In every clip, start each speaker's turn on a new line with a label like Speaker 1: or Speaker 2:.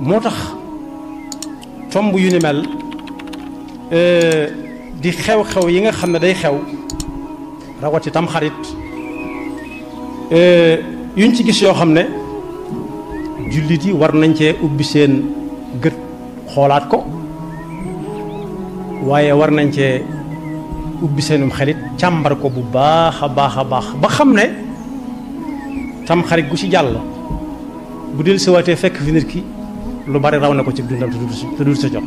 Speaker 1: moo tax tomb yu ni mel euh, di xew-xew yi nga xam ne day xew rawati tamxarit xarit euh, yuñ ci gis yoo xam ne jullit yi war nañ cee ubbi seen gët xoolaat ko waaye war nañ cee ubbi seenum xelit càmbar ko bu baax a baax a baax ba xam ne tam xarit gu ci jàll bu del siwaatee fekk fi nit ki lu bari raw na ko ci dundam te dul sa jot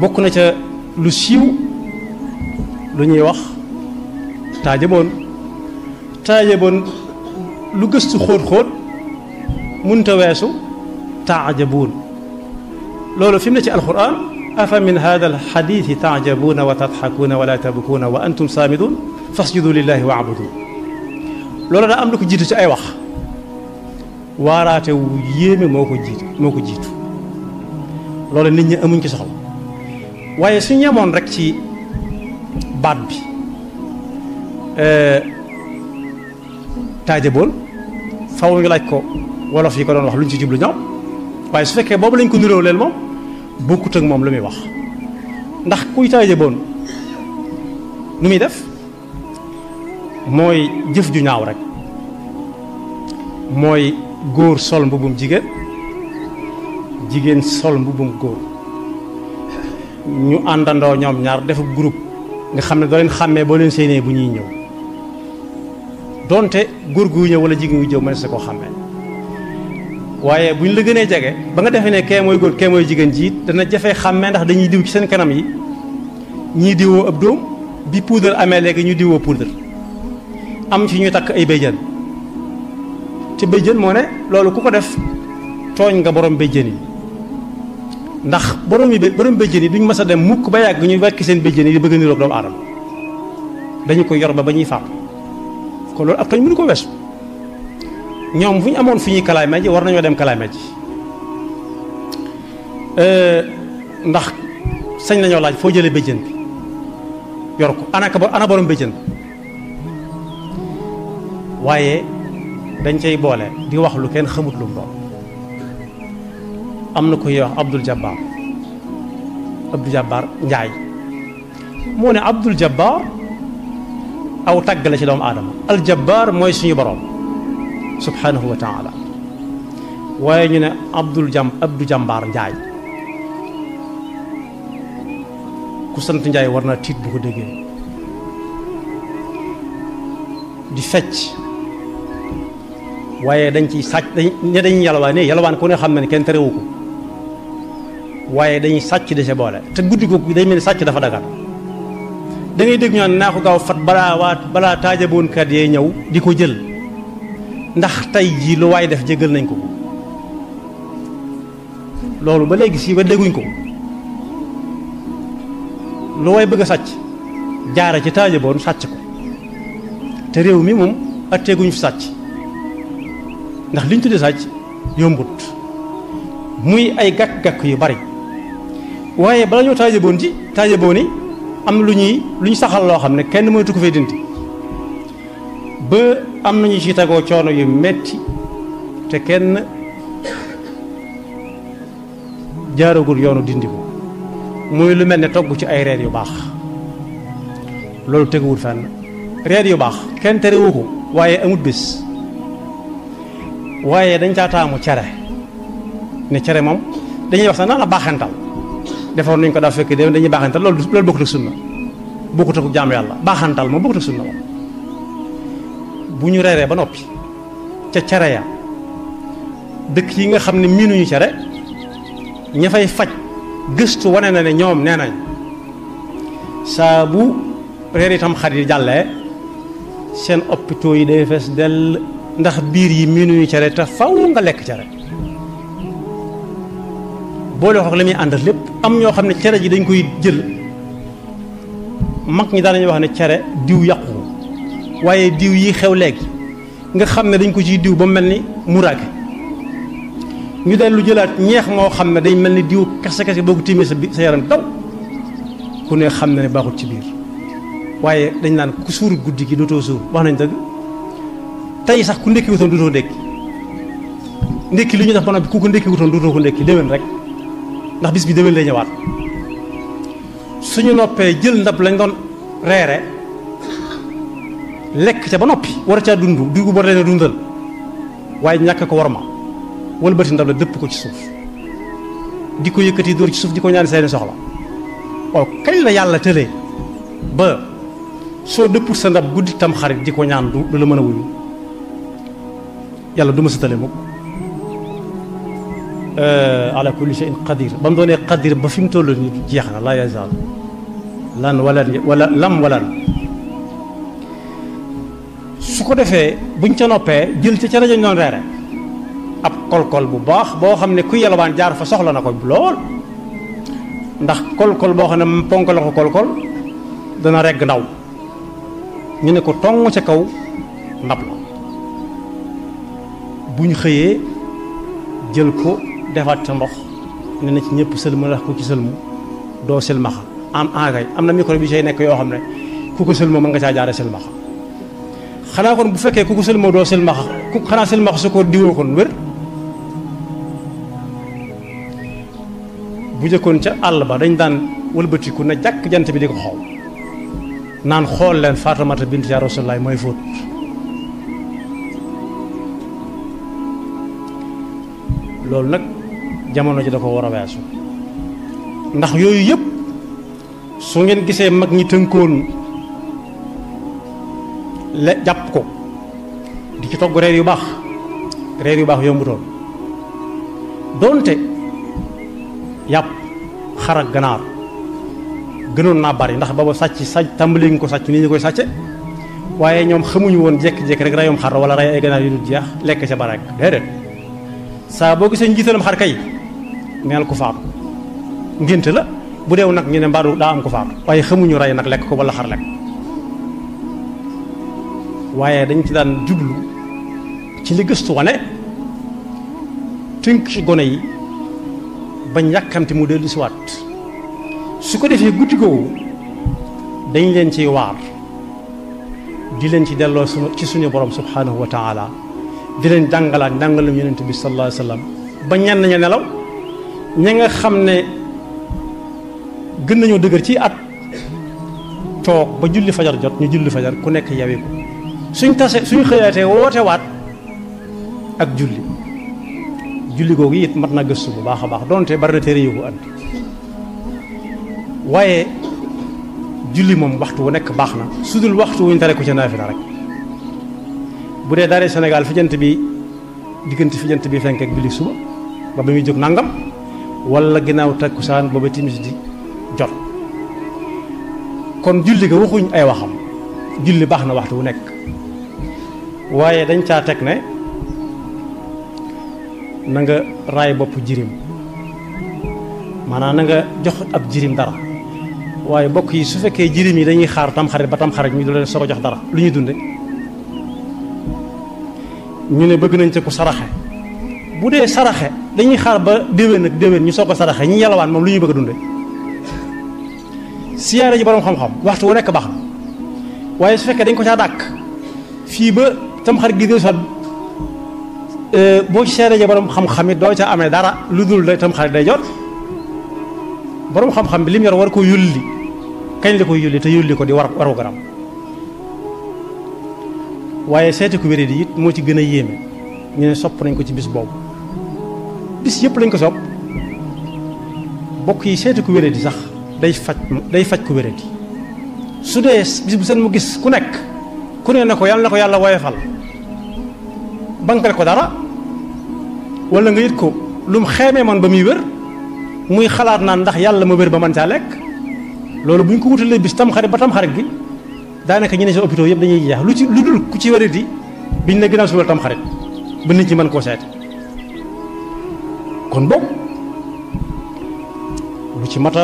Speaker 1: bokku na ca lu siiw lu ñuy wax taajaboon taajaboon lu gëstu xóot-xóot munta weesu taajaboon loolu fi mu ne ci alquran afa min hada alxadithi taajabuuna wa tadxakuuna wala tabkuna wa antum saamidun fasjudu lillahi waabudu loolu da am lu ko jiitu ci ay wax waaraate wu yéeme moo ko jiitu moo ko jiitu loolu nit ñi amuñ ci soxla waaye su ñemoon rek ci baat bi euh, taajabool faw ñu laaj ko wolof yi ko doon wax lu ñu ci jublu ñoom waaye su fekkee boobu lañ ko niróo leen moom bokkut ak moom lu muy wax ndax kuy taajaboon nu muy def mooy jëf ju ñaaw rek mooy góor sol mbubum jigéen jigéen sol mbubum góor ñu àndandoo ñoom ñaar def groupe nga xam ne doo leen xàmmee boo leen séenee bu ñuy ñëw doonte góor gu ñëw wala jigéen gu jëw mënees na koo xàmmee waaye bu ñu la gënee jege ba nga defee ne kee mooy góor kee mooy jigéen jiit dana jafe xàmmee ndax dañuy diw ci seen kanam yi ñii diwoo ab doom bi poudre amee léegi ñu diwoo poudre am ci ñuy takk ay béjjën. ca béjjén moo ne loolu ku ko def tooñ nga boroom béjjén yi ndax borom yi borom béjjén yi duñ mës a dem mukk ba yàgg ñu wekki seen béjjén yi di bëgg niroog doomu aadama dañu ko yor ba ba ñuy faatu kon loolu ab tooñ mënu ko weesu ñoom fu ñu amoon fu ñuy kalaame ji war nañoo dem kalaame ji ndax sañ nañoo laaj foo jëlee béjjén bi yor ko ana ka ana waaye dañ cay boole di wax lu kenn xamut lu mu doon am na ko yow Abdul Jabbar Abdul Jabbar Njaay moo ne Abdul Jabbar aw tàgg la ci doomu aadama al Jabbar mooy suñu borom subhanahu wa taala waaye ñu ne Abdul Jam Abdul jambar Njaay ku sant Njaay war naa tiit bu ko déggee di fecc waaye dañ ciy sàcc ñe dañuy yalwaan ne yalwaan ku ne xam na ne kenn terewu ko waaye dañuy sàcc di sa boole te guddi ko day mel ni sàcc dafa dagar da dégg ñu naa ko gaaw fat balaa waa balaa taajaboonkat yee ñëw di ko jël ndax tey jii lu waaye def jéggal nañ ko loolu ba léegi si ba dégguñ ko lu waay bëgg a sàcc jaara ci taajaboon sàcc ko te réew mi moom atteeguñu fi sàcc ndax liñ tuddee sàcc yombut muy ay gàkk-gàkk yu bari waaye bala ñoo taajaboon ji taajaboon yi am lu ñuy lu ñu saxal loo xam ne kenn mënatu ko fay dindi ba am nañu ci tagoo coono yu metti te kenn jaaragul yoonu dindi ko muy lu mel ne togg ci ay reer yu baax loolu teguwul fenn reer yu baax kenn terewu ko waaye amut bés waaye dañ caa cere ne cere moom dañuy wax sax naan la baaxantal defoon nañ ko daa fekk de dañuy baaxantal loolu loolu bokkut ak sunna bokkut ak jaamu yàlla baaxantal moom bokkut ak sunna moom bu ñu reeree ba noppi ca cere ya dëkk yi nga xam ne miinuñu cere ña fay faj gëstu wane na ne ñoom nee nañ saa bu reer xarit yi jàllee seen opitoo yi day fees dell ndax biir yi miinuñu cere te faw nga lekk cere boole wax ak la muy àndal lépp am ñoo xam ne cere ji dañ koy jël mag ñi daanañu wax ne cere diw yàqu waaye diw yi xew léegi nga xam ne dañ ko ciy diw ba mel ni muraage ñu dellu jëlaat ñeex moo xam ne dañ mel ni diw kese kese boo ko tiimee sa sa yaram daw ku ne xam na ne baaxul ci biir waaye dañ naan ku suur guddi ki dootoo suur wax nañ dëgg tey sax ku ndékki wutoon duutoo ndékki ndékki li ñu def ba noppi ku ko ndékki wutoon duutoo ko rek ndax bis bi déwén lay ñëwaat suñu noppee jël ndab lañ doon reere lekk ca ba noppi war caa dund dugub war leen a dundal waaye ñàkk ko war ma wal wëlbati ndab la dëpp ko ci suuf di ko yëkkati dóor ci suuf di ko ñaani seeni soxla waaw kañ la yàlla tëlee ba soo dëpput sa ndab guddi tam xarit ñaan du la mën a wuyu yàlla du ma sëtale mukk ala kulli shay'in qadir ba mu doonee qadir ba fi mu toll nii jeex na laa yazaal lan wala wala lam walan su ko defee buñ ca noppee jël ca ca rajo ñu doon reere ab kolkol bu baax boo xam ne ku yelwaan jaar fa soxla na ko lool ndax kolkol boo xam ne ponk la ko kolkol dana regg ndaw ñu ne ko tong ca kaw ndab la bu ñu xëyee jël ko defaat ca ndox ne na ci ñëpp sëlmu ndax ku ci sëlmu doo sëlmaxa am aagay am na micro bi say nekk yoo xam ne ku ko sëlmoo mën nga caa jaare sëlmaxa xanaa kon bu fekkee ku ko sëlmoo doo sëlmaxa ku xanaa sëlmaxa su ko diwoo kon wér bu jëkkoon ca àll ba dañ daan wëlbatiku na jàkk jant bi di ko xaw naan xool leen Faatamata bint yaa laay mooy fóot Lolak nak jamono ci dafa wara wessu sungin ndax yooyu yëpp su ngeen gisee mag ñi teunkoon le japp ko di ci togg reer yu baax reer yu baax yombutoon donte yap xara ganar ganaar na bari ndax baba sacc sacc tambali ko sacc ni ñu koy sàcce waaye ñoom xamuñu won jek jek rek rayum xar wala ray ay ganar yu jeex lek ca barak dedet saa boo gisee njiitalam xar kay neel ko faatu ngénte la bu deew nag ñu ne mbaadu daa am ko faatu waaye xamuñu rey nag lekk ko wala xar lekk waaye dañ ci daan jublu ci li gëstu wane tënk ci gone yi bañ yàkkamte mu dellu si su ko defee guddi googu dañ leen ciy waar di leen ci delloo su ci suñu borom subhanahu wa taala di jàngalaat njàngalum yonent bi sallallahu alayhi wa ba ñenn ña nelaw ña nga xam ne gën nañoo dëgër ci at toog ba julli fajar jot ñu julli fajar ku nekk yawe ko suñ tase suñ xëyaatee woote waat ak julli julli googu it mat na gëstu bu baax a baax donte bari na téere yu ko waaye julli moom waxtu wu nekk baax na su dul waxtu wuñ tere ko ca naafila rek bu dee daara Sénégal fi jant bi diggante fi bi fenk ak bi suba ba ba ñuy jóg nangam wala ginnaaw takkusaan ba ba timis di jot kon julli ga waxuñ ay waxam julli baax na waxtu wu nekk waaye dañ caa teg ne na nga raay bopp jirim maanaam na nga jox ab jirim dara waaye bokk yi su fekkee jirim yi dañuy xaar tam xarit ba tam xarit ñu du leen soog a jox dara lu ñuy dunde ñu ne bëgg nañ ci ko saraxe bu dee saraxe dañuy xaar ba déwén ak déwén ñu soog ko saraxe ñi yalawaan moom lu ñuy bëgg a dunde siyaare ji boroom xam-xam waxtu wu nekk baax na waaye su fekkee dañ ko caa dàkk fii ba tam xarit gi sa euh, boo ci ja ji boroom xam-xam doo ca amee dara lu dul day tam xarit day jot boroom xam-xam bi lim yor war ko yulli kañ la koy yulli te yulli ko di war waru garam waaye seeti ku wéré it moo ci gën a yéeme ñu ne sopp nañ ko ci bis boobu bis yëpp lañ ko sopp bokk yi seeti ku wéré sax day faj day faj ku wéré su dee bis bu seen mu gis ku nekk ku ne na ko yàlla na ko yàlla woyofal bankal ko dara wala nga yit ko lu mu xeemee man ba muy wér muy xalaat naan ndax yàlla ma wér ba man saa lekk loolu bu ñu ko wutalee bis tam ba tam gi daanaka ñu ne si hôpitaux yëpp dañuy jeex lu ci lu dul ku ci wér di biñ ne ginnaaw suba tam xarit ba nit ñi mën koo seeti kon boobu lu ci mat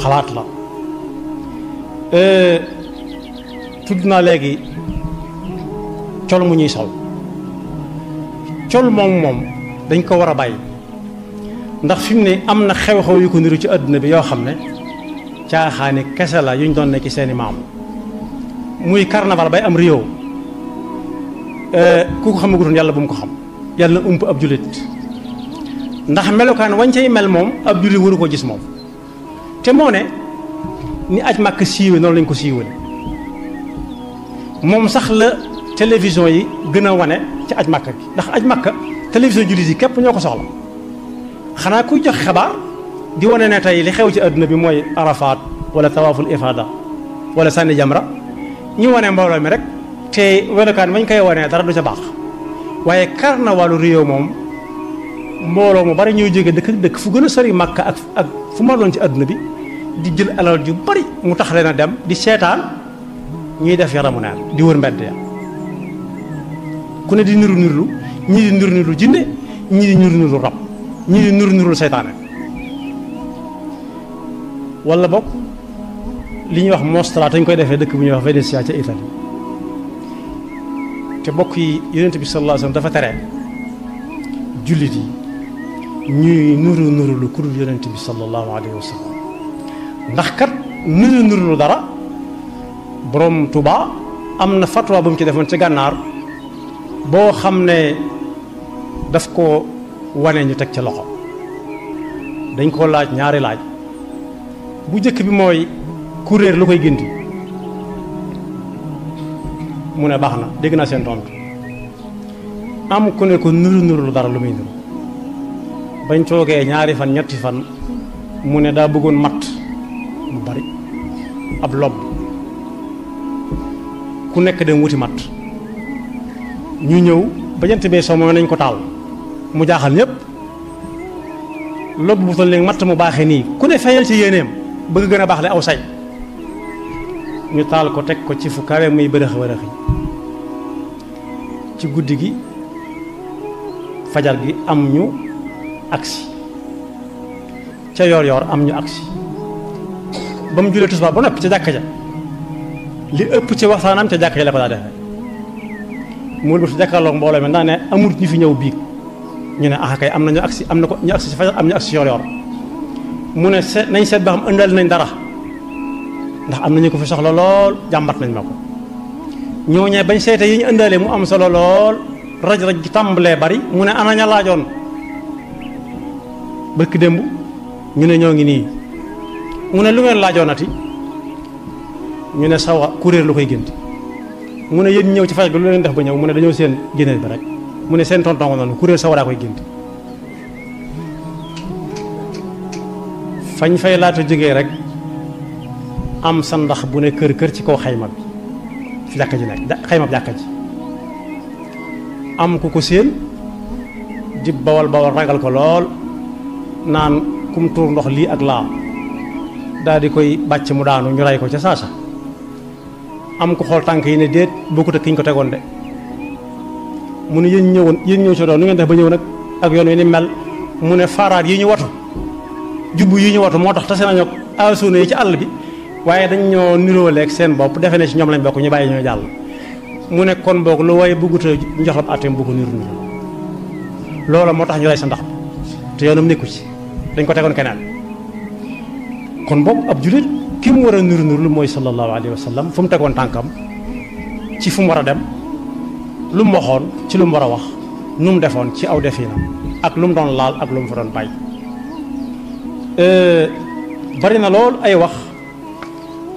Speaker 1: xalaat la euh, tudd naa léegi col mu ñuy sol col moom moom dañ ko war a bàyyi ndax fi mu ne am na xew-xew yu ko niru ci àdduna bi yoo xam ne caaxaani kese la yuñ doon ne ci seeni maam muy carnaval bay am réew ku ko xamagutoon yàlla bu mu ko xam yàlla ump ab jullit ndax melokaan wañ cay mel moom ab jullit waru ko gis moom te moo ne ni aj màkk siiwe noonu lañ ko siiwale moom sax la télévision yi gën a wane ci aj màkk bi ndax aj màkk télévision jullit yi képp ñoo ko soxla xanaa kuy jox xabaar di wane ne tey li xew ci aduna bi moy arafat wala tawaaful ifada wala sànni jamra ñu wane mbooloo mi rek te welokaan bañ koy wane dara du ca bax waye carnaval rio mom mbolo mu bari ñu jóge dëkk dëkk fu gëna sori makka ak ak fu ma doon ci aduna bi di jël alal ju bari mu tax leena dem di seetaan ñuy def yaramu naan di wër mbedd ya ku ne di niru nuru ñi di niru nuru jinne ñi di niru nuru rab ñi di niru nuru seytaane wala bok li ñuy wax mostra dañ koy defé dëkk bu ñuy wax Vénétia ci italy te bok yi yonent bi sallallahu alayhi wasallam dafa tere jullit yi ñuy nuru nuru lu ku dul bi sallallahu alayhi wasallam ndax kat nuru nuru lu dara borom Tuubaa am fatwa bu mu ci defoon ci gànnaar boo xam daf ko wane ñu teg ci loxo dañ koo laaj ñaari laaj bu jëkk bi moy courier lu koy gënti mu ne deg na sen naa tontu am ku ne ko nuru nurul dara lu muy nuru bañ toge ñaari fan ñetti fan mu ne da bëggoon mat mu bari ab lob ku nekk dem wuti mat ñu ñëw ba jant be so mo nañ ko taal mu jaaxal ñep lob bu fa léegi mat mu baxé ni ku ne fayal ci yeneem bëgg gëna a baax le aw say ñu taal ko tek ko ci fu kawé muy bërëx wërëxi ci guddigi fajar gi am ñu aksi ca yor yor am ñu aksi bam mu tusba tusbaar ba noppi ca jàkka ja li ëpp ci waxtanam ci jàkka la ko daa defee mu ci jàkkaarloog mbooloo mi ndax ne amul ñu fi ñëw biik ñu né ah kay am nañu aksi am na ko ñu ci fajar am ñu aksi yor yor mu ne nañ seet ba xam ëndal nañ dara ndax am nañu ko fi soxla lool jàmbat nañ ma ko ñooñee bañ seete yi ñu ëndalee mu am solo lool raj raj tàmbalee bari mu ne ana ña laajoon bëkk démb ñu ne ñoo ngi nii mu ne lu ngeen laajoonati ñu ne sawa kuréel lu koy gént mu ne yéen ñëw ci faj lu leen def ba ñëw mu ne dañoo seen génneel ba rek mu ne seen tonton noonu kuréel sawa koy fañ fay laata jógee rek am sa ndax bu ne kër kër ci kaw xayma bi ci jàkka ji nag xayma bi jàkka ji am ku ko séen di bawal bawal ragal ko lool naan kum tuur ndox lii ak laa daal di koy bàcc mu daanu ñu ray ko ca saasa am ko xool tànk yi ne déet boo ak ki ñu ko tegoon de mu ne yéen ñëwoon yéen ñëw ci nu ngeen def ba ñëw nag ak yoon wi ni mel mu ne faaraat yi ñu watu jubbu yi ñu watu moo tax tase nañoo asuna yi ci àll bi waaye dañ ñoo niróoleeg seen bopp defe ne ci ñoom lañ bokk ñu bàyyi ñoo jàll mu ne kon boog lu waaye bëggut a njoxlab atteem bu ko niru niru loola moo tax ñu sa ndax te yoonam nekku ci dañ ko tegoon keneen kon boog ab julit ki mu war a niru niru lu mooy sallallahu alayhi wa sallam fu mu tegoon tànkam ci fu mu war a dem lu mu waxoon ci lu mu war a wax nu mu defoon ci aw defiinam ak lu mu doon laal ak lu mu fa doon bàyyi Euh, bari na lool ay wax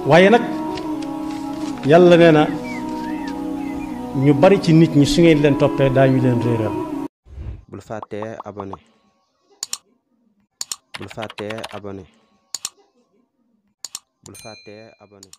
Speaker 1: waaye nag yàlla nee na ñu bari ci nit ñi su ngeen leen toppee daañu leen réeral bul fàttee abonné bul fàttee abonné bul fàttee abonné